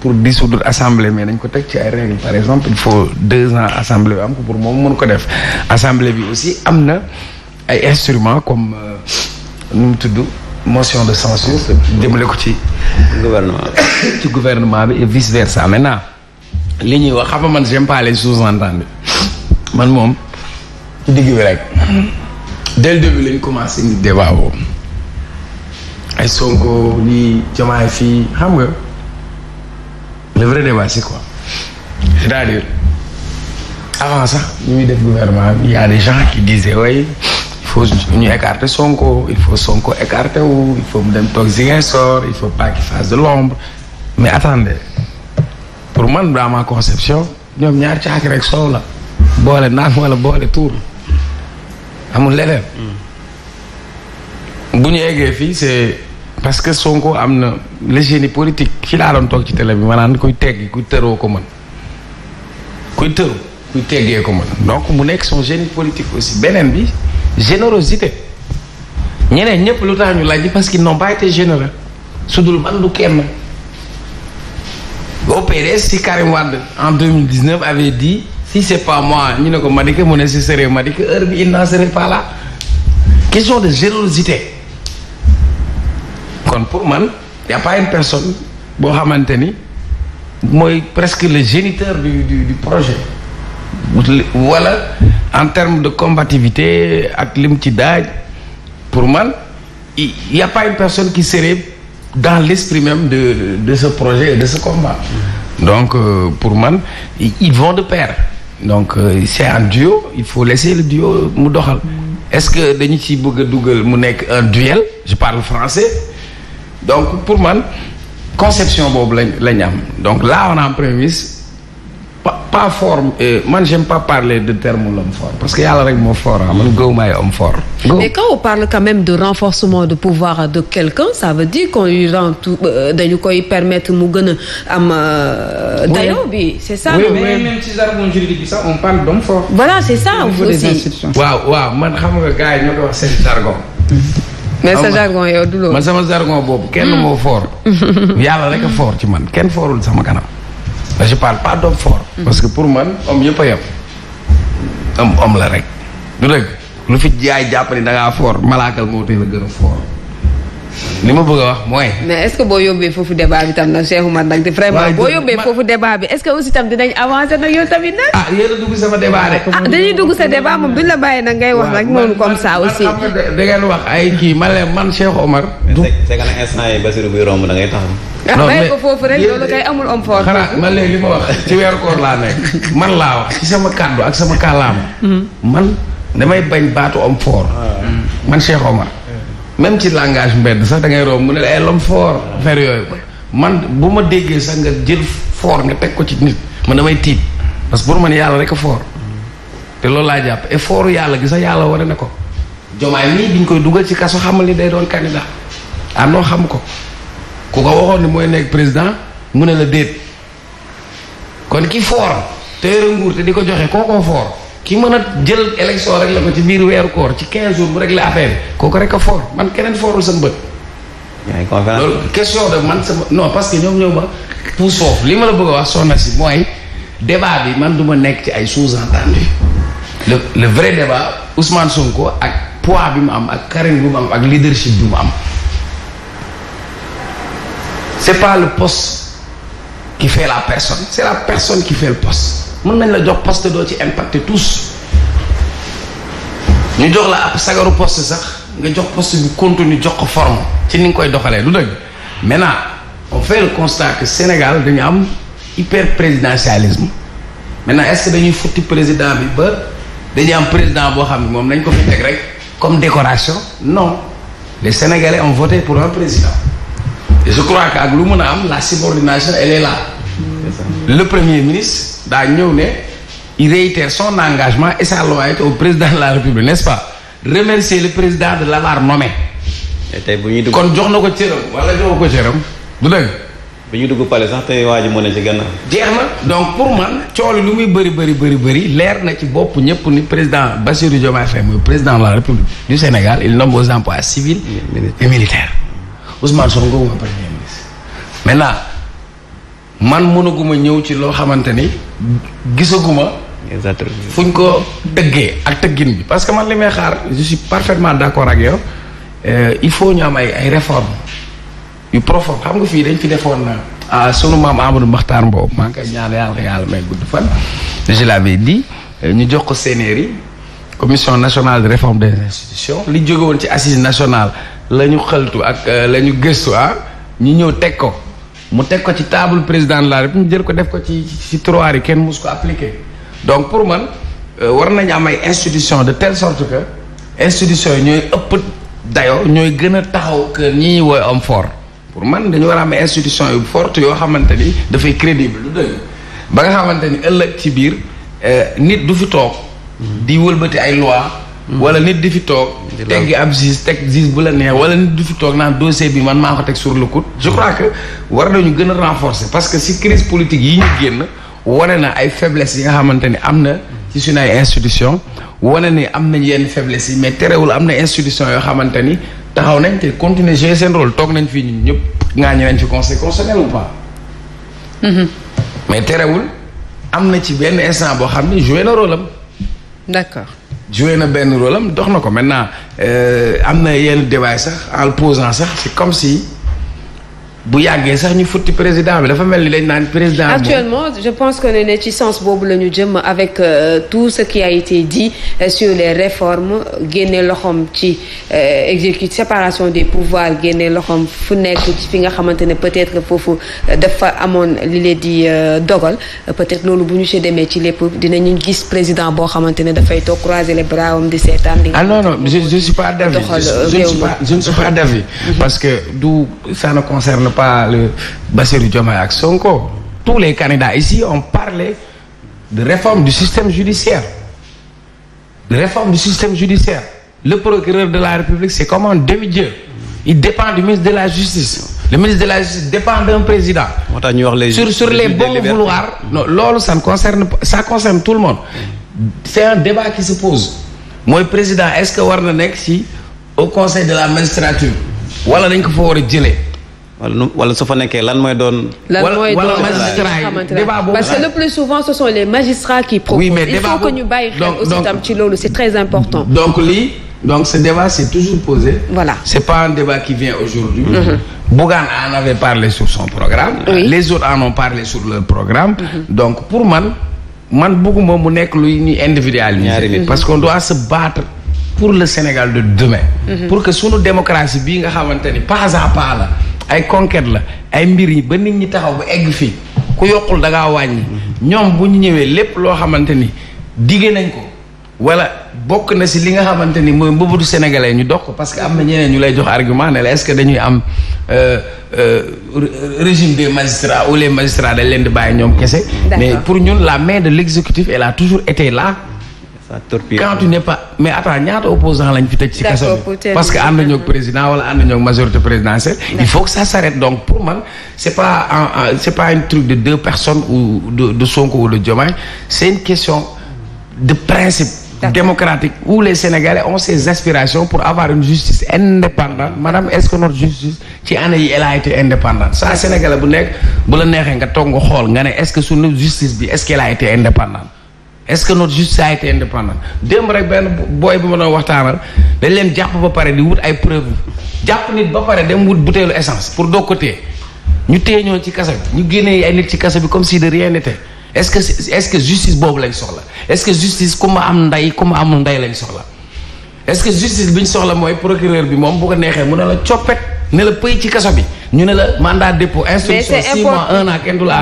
pour dissoudre assemblée mais dañ ko teg ci ay règles par exemple il faut deux ans assemblée bi am ko pour moom mën ko def assemblée bi aussi am na ay instruments comme euh, nu mu tudd motion de censure jëmale ko ci gouvernement gouvernement bi et vice versa naa li ñuy wax xam nga man j'aime pas les sous-entendus man moom ci digg bi rek dès le début lañ commencé ni débat boobu ay Sonko lii jamaay fii xam nga le vrai débat c'est quoi c'est-à-dire avant sax ñu muy def gouvernement bi y a des gens qui disaient oui il faut ñu écarter Sonko il faut Sonko écarter wu il faut mu dem toog Ziguinchor il faut pas qu'il fasse de l'ombre mais attendez pour man dans ma conception ñoom ñaar caaki rek soow la boole naan wala boole tuur amul leneen hmm. bu ñu eggee parce que Sonko am na le génie politique ci laa doon toog ci télé bi maanaam kuy teggi kuy tëroo ko mën kuy tëru kuy teggee ko mën donc mu nekk son génie politique aussi beneen bi générosité ñeneen ñëpp lu tax ñu laaj parce qu'ils n'ont pas été généreux su dul man du kenn au PDS si Karim Wade en 2019 avait dit si c'est pas moi ñu ne ko Madické mu ne si serait Madické heure bi il n'en serait pas là question de générosité kon pour man y' a pas une personne boo xamante ni mooy presque le géniteur du du du projet. wala en termes de combativité ak lim ci daaj pour man il y' a pas une personne qui serait dans l' esprit même de de ce projet de ce combat. donc euh, pour man ils vont de pair. donc euh, c' est un duo il faut laisser le duo mu doxal. est-ce que dañu ciy bëgg a dugal mu nekk un duel je parle français. donc pour man conception boobu lañ lañ am donc là on a en prémisse pas, pas fort man j'aime pas parler de terme l'homme fort parce que yàlla rek moo fort ah man mm. gëw maay homme fort. mais quand on parle quand même de renforcement de pouvoir de quelqu'un ça veut dire qu'on lui rend tout euh, dañu koy permettre mu gën a am. Euh, dayo bi c'est ça. Oui, mais même ci jargon juridique bi sax on parle d'homme fort. voilà c'est ça. aussi waaw waaw man xam nga mais sa jargon yow man sama jargon boobu kenn moo fort. Mm. yàlla rek a fort ci man kenn fortul sama kanam. je parle pas d'homme fort. Mm. parce que pour man om yëpp a yem. homme la rek. du dëgg lu fi jaay jàpp ni da ngaa fort malaakal moo tey la gën a fort. li ma bëgg a wax mooy. mais est-ce que boo yóbbee foofu débat bi tam nag Cheikh Oumar nag di vraiment boo yóbbee foofu a dugg sama ah, la bàyyi man man la man Cheikh Oumar. du c'est que nag da ngay taxaw. Ah, non mais ko foofu rek li ma wax ci weeru koor laa nekk man laa wax ci sama kàddu ak sama kàllaama. Hmm. man damay bañ baatu homme fort. Ah. man Cheikh Oumar. même ci langage mbedd sax da ngay romb mu ne la ay eh, l'homme fort affaire yooyu man bu ma déggee sax nga jël fort nga teg ko ci nit man damay tiit parce que pour man yàlla rek a fort te loolu laa jàpp et fortu yàlla gi sax yàlla war ne ko jomaay nii biñ koy dugal ci kaso xamal ni day doon candidat ah noo xam ko ku ko waxoon ni mooy nekk président mu ne la déet kon ki fort te yore nguur te di ko joxe kookoo fort ki mën a jël élection rek la ma ci biir weeru koor ci 15 jours mu rek la affaire kooku rek a foor man keneen foorul sa bët. loolu question de man sama non parce que ñoom ñoo ma pousse foofu li ma la bëgg a wax soxna si mooy débat bi man du ma nekk ci ay sous-entendu le le vrai débat Ousmane Sonko ak poids bi mu am ak Karim bi mu am ak leadership bi mu am c'est pas le poste qui fait la personne c'est la personne qui fait le poste mën nañ la jox poste doo ci impacté tous ñu jox la ab sagaru poste sax nga jox poste bi contenu jox ko forme ci ni nga koy doxalee du dëgg maintenant on fait le constat Sénégal dañu am hyper présidentialisme maintenant est ce que dañuy futti président bi ba dañuy am président boo xam ne moom nañ ko fi teg rek comme décoration non les Sénégalais ont vote pour un président je crois que ak lu mën a am la subordination elle est là le premier ministre daa ñëw ne il réitère son engagement et sa loyauté au président de la république n'est-ce pas remercier le président de l'avoir nommé. tey bu ñuy dugg kon jox na ko cëram wala jox ko cëram du dëgg. bu ñu dugg pale sax tey waa ji moo ne ci gànnaaw. jeex na donc pour man coolu lu muy bëri bëri bëri bëri leer na ci bopp ñëpp ni président Bassirou Diomaye Faye muy président de la république du Sénégal il nomme aux emplois civils et militaires Ousmane Sonko mooy premier ministre man mënaguma ñëw ci loo xamante ni gisaguma fuñ ko tëggee ak tëggin bi parce que man li may xaar je suis parfaitement d'accord ak yow euh, il faut ñu am ay ay réformes yu profonde xam nga fii dañ fi defoon na euh, sunu maam Amadou Makhtar Mbow maa ngi koy ñaan yàlla yàlla may gudd fan je l'avais dit euh, ñu jox ko CNR yi commission nationale de réforme des institutions li jóge woon ci assise nationale la ñu xëltu ak la ñu gëstu ah ñu ñëw teg ko mu teg ko ci taabul président de la République jël ko def ko ci ci tiroir yi kenn mus ko appliqué donc pour man euh, war nañu am ay institution de telle sorte que institution yi ñooy ëpp dayo ñooy gën a taxaw que ñi wooy am fort pour man dañu war a am institution yu forte yoo xamante ni dafay crédible lu doy ba nga xamante ni ëllëg ci biir euh, nit du fi toog di wëlbati ay loi wala nit di fi toog. teggi ab gis teg gis bu la neex wala nit di fi toog naan dossier bi man maa ko teg sur le coup. je crois que war nañu gën a renforcer parce que si crise politique yi ñu génn wane na ay faiblesse yi nga xamante ni am na ci suñu ay institution wane ni am nañ yenn faiblesse yi mais terewul am na institution yoo xamante ni taxaw nañ te continuer jouer seen rôle toog nañ fii ñun ñëpp ŋaañu nañ fi conseil constitutionnel ou pas. Mm-hmm. mais terewul am na ci benn instant boo xam ne joué na rôle am. d'accord. joué na benn rôle am dox na ko maintenant euh, am na yenn débat sax en le posant sax c'est comme si bu yàggee sax ñu futti président bi dafa mel ni dañ naan président. actuellement je pense que ne ci sens boobu la ñu jëm avec euh, tout ce qui a été dit euh, sur les réformes génne loxoom ci euh, exécutif séparation des pouvoirs génne loxoom fu nekk ci fi nga xamante ne peut-être que foofu dafa amoon li leen di dogal peut-être loolu bu ñu si demee ci lépp dinañu gis président boo xamante ne dafay toog croiser le bras am di seetaan. di ah non non je je ne suis pas je mhm. ne suis ne pas le Bassirou Diomaye ak Sonko tous les candidats ici ont parlé de réforme du système judiciaire de réforme du système judiciaire le procureur de la République c'est comme un demi-dieu il dépend du ministre de la justice le ministre de la justice dépend d'un président moo tax ñu wax les sur sur les bons vouloirs loolu ça ne concerne tout le monde c'est un débat qui se pose mooy président est-ce que war na nekk si au conseil de la magistrature wala dañ ko fa war wala wala su fa nekkee lan mooy doon. lan mooy doon magistrat yi parce que le plus souvent ce sont les magistrats qui proposent. oui mais il faut que ñu bàyyi xel aussi tam ci loolu c'est très important. donc lii donc ce débat c'est toujours posé. voilà c'est pas un débat qui vient aujourd'hui mm-hmm. Bougane en avait parlé sur son programme. Oui. les autres en ont parlé sur leur programme. Mm-hmm. donc pour man man bëgguma mu nekk luy ñuy individualiser. parce qu'on doit se battre. pour le Sénégal de demain. Mm-hmm. pour que sunu démocratie bii nga xamante ni pas à pas la. ay conquête la ay mbir yi ba nit ñi taxaw ba egg fii ku yokkul dangaa ngaa wàññi ñoom bu ñu ñëwee lépp loo xamante ni digge nañ ko wala bokk na si li nga xamante ni mooy mbëbëtu sénégalais ñu dox ko parce que am na ñeneen ñu lay jox argument ne la est-ce que dañuy am euh, euh, régime des magistrats ou les magistrats dañ leen di bàyyi ñoom kese mais pour ñun la mais de l'exécutif et la toujours été là quand tu n'es pas mais attends ñaata opposant lañ fi te ci kaso bi parce que ànd ñoo président wala ànd ñoo majorité présidentielle il faut que ça s'arrête donc pour man c'est pas un, c'est pas un truc de deux personnes ou de, de Sonko ou de Diomaye c'est une question de principe démocratique où les Sénégalais ont ses pour avoir une justice indépendante madame est-ce que notre justice ci année yi elle a été indépendante ça Sénégalais bu nekk bu la neexee nga toog nga nga ne est-ce que suñu justice bi est-ce qu'elle a est-ce que notre justice a été indépendante démb rek benn booy bi ma doon waxtaanal dañ leen jàpp ba pare di wut ay preuve jàpp nit ba pare dem wut butéelu essence pour doo ko téye ñu téye ñoo ci kaso bi ñu génnee ay nit ci kaso bi comme si de rien n'était est-ce que est-ce que justice boobu lañ soxla est-ce am ndey ku ma ndey lañ soxla est-ce que justice bi ñu soxla mooy procureur bi moom bu ko neexee mu ne la coppet ne la pëy ci kaso bi ñu ne la mandat dépôt instruction six mois un an kenn du la